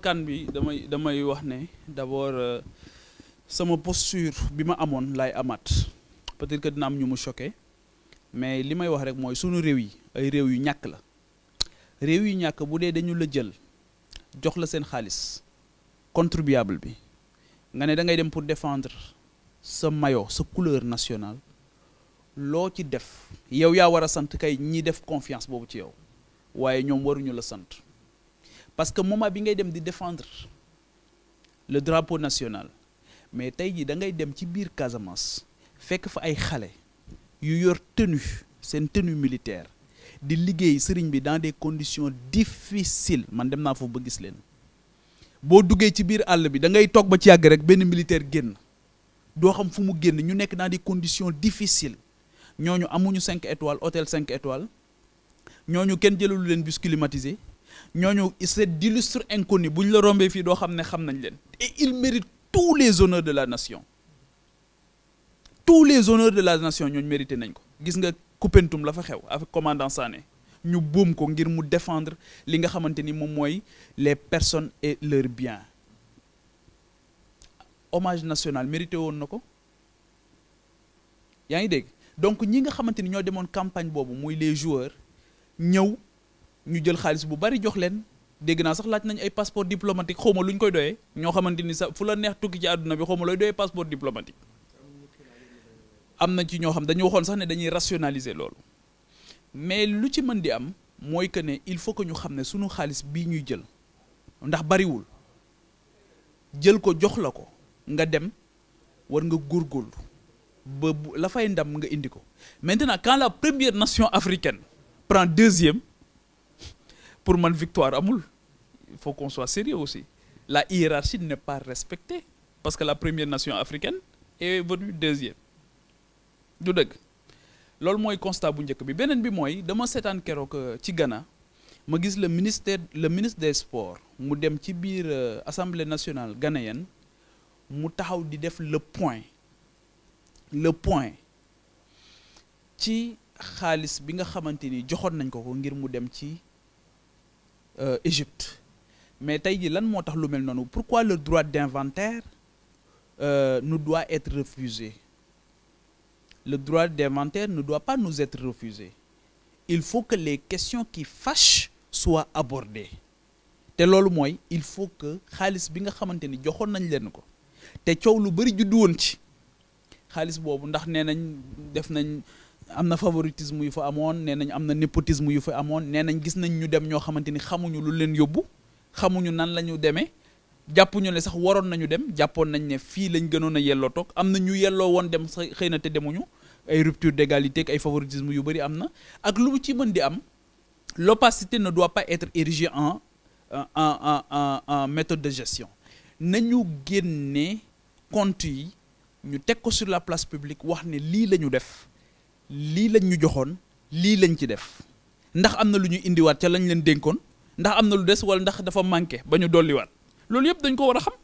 kan bi damay damay wax ne d'abord euh, sama posture bi ma amoon laay amaat peut-être que dina am ñu mu choqué mais li may wax rek mooy sunu réew yi ay réew yu ñàkk la réew yu ñàkk bu dee dañu la jël jox la seen xaalis contribuable bi nga ne da ngay dem pour défendre sa mayo sa couleur nationale loo ci def yow yaa war a sant kay ñi def confiance boobu ci yow waaye ñoom waruñu la sant parce que moma bi ngay dem di défendre le drapeau national mais tay jii da ngay dem ci bir Casamance fekk fa ay xalé yu yor tenue seen tenue militaire di liguey serigne bi dans des conditions difficiles man dem naa foofu ba gis len bo duggee ci bir all bi da ngay tok ba ci yag rek ben militaire génn do xam fu mu ñu nek dans des conditions difficiles ñoñu amuñu cinq étoiles hôtel cinq étoiles ñoñu kenn jëlalu leen bus climatisé ils sont d'illustres inconnus bu la et il mérite tous les honneurs de la nation tous les honneurs de la nation ñooñu mérité nañ ko gis nga Koupentoum la fa xew avec commandant Sané ñu boum ko ngir mu défendre li nga xamanteni mom moy les personnes et leurs biens hommage national mérité woon na ko yaa ngi donc ñi nga xamanteni ño démon campagne bobu moy les joueurs ñëw ñu jël xaalis bu bari jox leen dégg naa sax laaj nañ ay passeport diplomatique xaw ma lu ñu koy doyee ñoo xamante ni sax fu la neex tukki ci àdduna bi xaw ma looy doyee passeport diplomatique am na ci ñoo xam dañu waxoon sax ne dañuy rationaliser loolu mais lu ci mën di am mooy que ne il faut que ñu xam ne sunu xaalis bii ñuy jël ndax bariwul jël ko jox la ko nga dem war nga góor góor ba la fay ndam nga indi ko maintenant quand la première nation africaine prend deuxième pour man victoire amoul. il faut qu'on soit sérieux aussi la hiérarchie n'est pas respectée parce que la première nation africaine est venue deuxième du dëgg Lol moy constat bu njëkk bi Benen bi moy dama kéro que euh, ci Ghana ma gis le ministère le ministre des sports mu dem ci biir euh, assemblée nationale ghanéenne mu taxaw di def le point le point ci xaalis bi nga xamanteni ni joxoon nañ ko ko ngir mu dem ci euh, Égypte mais pourquoi le droit d'inventaire euh, nous doit être refusé le droit d'inventaire ne doit pas nous être refusé il faut que les questions qui fâchent soient abordées te loolu mooy il faut que xaalis bi nga xamante ni joxoon nañ leen ko te coow lu bari les gens ci sont boobu ndax nee def nañ amna favoritisme yu fa amone nenañ amna am népotisme yu fa amone nenañ gis nañ ñu dem ñoo xamanteni xamuñu lu leen yobbu xamuñu nan lañu démé jappuñu jàppuñu sax waron nañu dem jappon nañ ne fi lañ gënoon a yelloo toog am ñu yelloo won dem xeyna xëy te demuñu ay rupture d'égalité ak ay favoritisme yu bari amna ak lu ci mën di am l'opacité ne doit pas être érigée en en en en méthode de gestion nañu génne compte yi ñu teg ko sur la place publique wax ne li lañu def Lilan lañ ñu joxoon lii lañ ci def ndax am na lu ñu indiwaat ca lañ leen dénkoon ndax am na lu des wala ndax dafa manqué ba ñu dolliwaat loolu yëpp dañ ko war a xam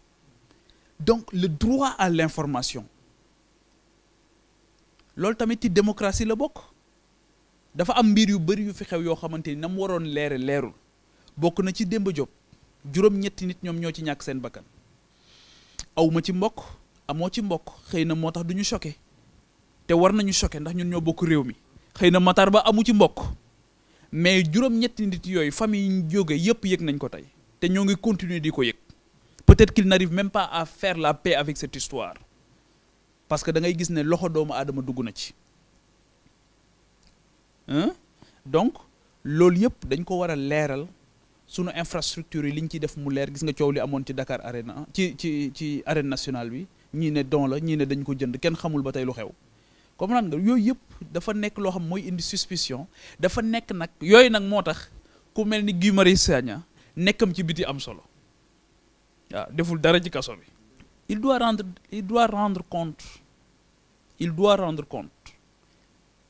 donc le droit à l'information loolu tamit ci démocratie la bokk dafa am mbir yu bëri yu fi xew yoo xamante ni na mu waroon leere leerul bokk na ci Demba Diop juróom-ñetti nit ñoom ñoo ci ñàkk seen bakkan awuma ci mbokk amoo ci mbokk xëy na moo tax te war nañu choqué ndax ñun ñoo bokk réew mi Matar Ba amu ci mbokk mais juróom-ñetti nit yooyu famille ñu jóge yépp yëg nañ ko tey te ñoo ngi continuer di ko yëg peut-être qu'il n'arrive même pas à faire la paix avec cette histoire parce que da ngay gis ne loxo doomu aadama dugg na ci hein? donc loolu yëpp dañ ko war a leeral infrastructure yi liñ ci def mu leer gis nga coow li amoon ci Dakar Arena ci ci ci arène nationale bi ñii ne don la ñii ne dañ ko jënd kenn xamul ba tey lu xew comprendre nga yooyu dafa nek loo xam indi suspicion dafa nek nak yooyu nak motax ku melni guimari Guy Sagna ci biti am solo wa deful dara ci kasso bi il doit rendre il doit rendre compte il doit rendre compte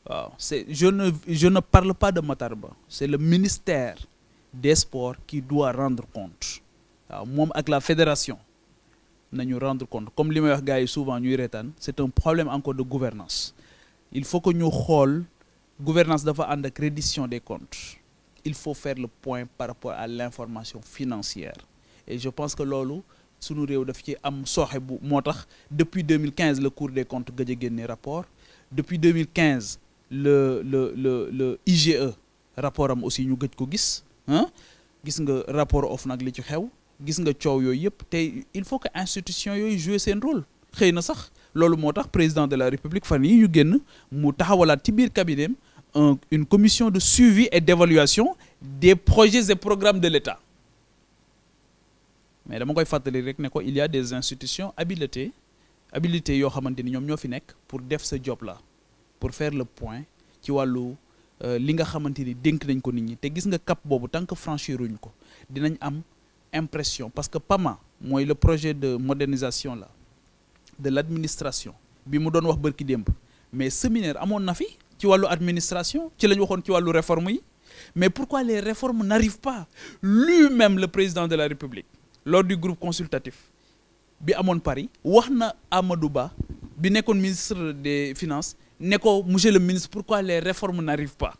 waaw c'est je ne je ne parle pas de matarba c'est le ministère des sports qui doit rendre compte waaw mom ak la fédération nous rendre compte comme les meilleurs gars souvent nous reetaan c'est un problème encore de gouvernance il faut que ñu la gouvernance dafa la crédition des comptes il faut faire le point par rapport à l'information financière et je pense que lolo sunu daf ci am depuis 2015 le cours des comptes a a rapport depuis 2015 le le le le IGE rapport aussi nous gëj ko gis a hein? gis nga rapport gis nga coow yooyu yëpp tey il faut que institution yooyu jouer seen rôle xëy na sax loolu moo tax président de la république fan yi ñu génn mu taxawalaat ci biir cabinet une commission de suivi et d'évaluation des projets et programmes de l'État mais dama koy fàttali rek ne ko il y a des institutions habilitées habilitées yoo xamante ni ñoom ñoo fi nekk pour def sa job la pour faire le point ci wàllu euh, li nga xamante ni dénk nañ ko nit ñi te gis nga cap boobu tant que franchiruñ ko dinañ am impression parce que PAMA moi le projet de modernisation là de l'administration bi mu wax barki mais séminaire amon na fi ci walu administration ci la waxone réforme mais pourquoi les réformes n'arrivent pas lui-même le président de la République lors du groupe consultatif bi amone Paris waxna à Amadou Ba bi le ministre des finances neko monsieur le ministre pourquoi les réformes n'arrivent pas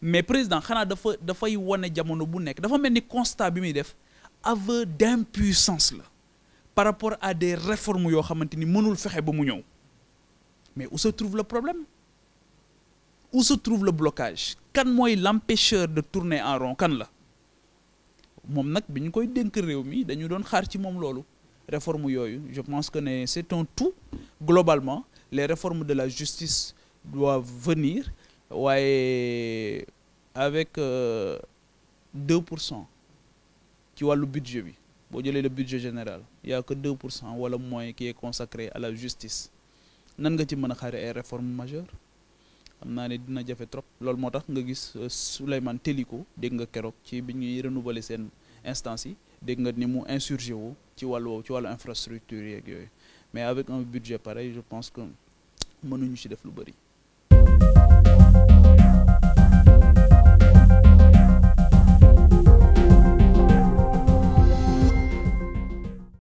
mais président Il dafa dafay woné jamono bu nek dafa constat bi mi def aveu d'impuissance là, par rapport à des réformes yo xamanteni été mënul fexé ba mu ñëw mais où se trouve le problème où se trouve le blocage kan moy l'empêcheur de tourner en rond kan la mom nak biñ koy denk rew mi dañu doon xaar ci mom lolu réforme je pense que c'est un tout globalement les réformes de la justice doivent venir avec 2%. Euh, ci le budget le budget général il y a que 2 ou moins qui est consacré à la justice nan nga ci mën a ay réformes majeures xam naa fait trop loolu moo tax nga gis euh, Souleymane Téliko dégg nga keroog ci bi renouveler seen instance yi insurgé wu ci infrastructure mais avec un budget pareil je pense que nous ci def lu